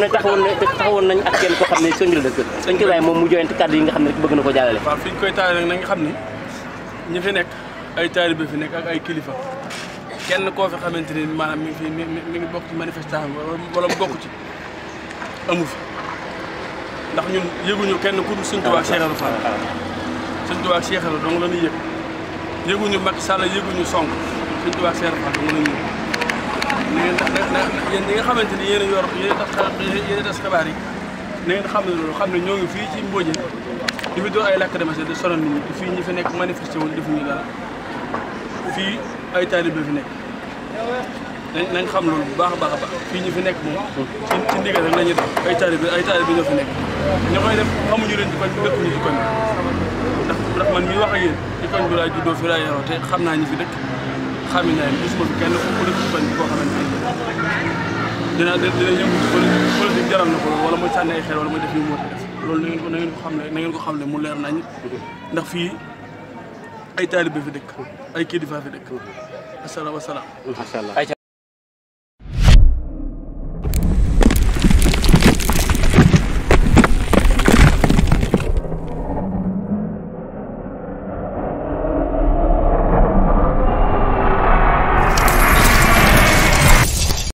na taxawoon taxawoon nañ ak kenn koo xam ne sëñ bi la mu joyante kàddu yi nga xam ne rek bëgg na ko jàllale waaw ni ñi fi nekk ay taalibe fi nekk ak ay kilifa kenn koo fi xamante ni maanaam mi ngi fi mi ngi bokk ci manifestation wala bokk ci amu fi ndax ñu yëguñu kenn ku dul sëñ Tuubaa Cheikh Ibra Fall sëñ Tuubaa Cheikh Ibra dong la ñuy yëg yëguñu Macky Sall yëguñu Sonko sëñ Tuubaa Cheikh Ibra la ñuy yëg yéen ñi nga xamante ni yéen a yor yéen a yi na xam ne loolu xam ne ñoo ngi fii ci Mbodj di fi ay lakk demase di sonal nit ñi te fii ñi fi nekk manifesté wul defuñu dara fii ay taalibe fi nekk nañ xam loolu bu baax a baax fii ñu fi nekk moom ci ci ndigal rek la ñuy def ay taalibe ay taalibe ñoo nekk ñoo koy def xamuñu leen ci koñ dëkk wax xam naa ñi fi dëkk xami dina dina yëngu ci politique politique jaral na ko wala muy sànni ay xel wala muy def yu mu war a def loolu na ngeen ko na ngeen ko xam ne na ngeen ko xam ne mu leer nañ ndax fii ay taalibe fi dëkk ay kilifa fi dëkk asalaam asalaam. macha allah.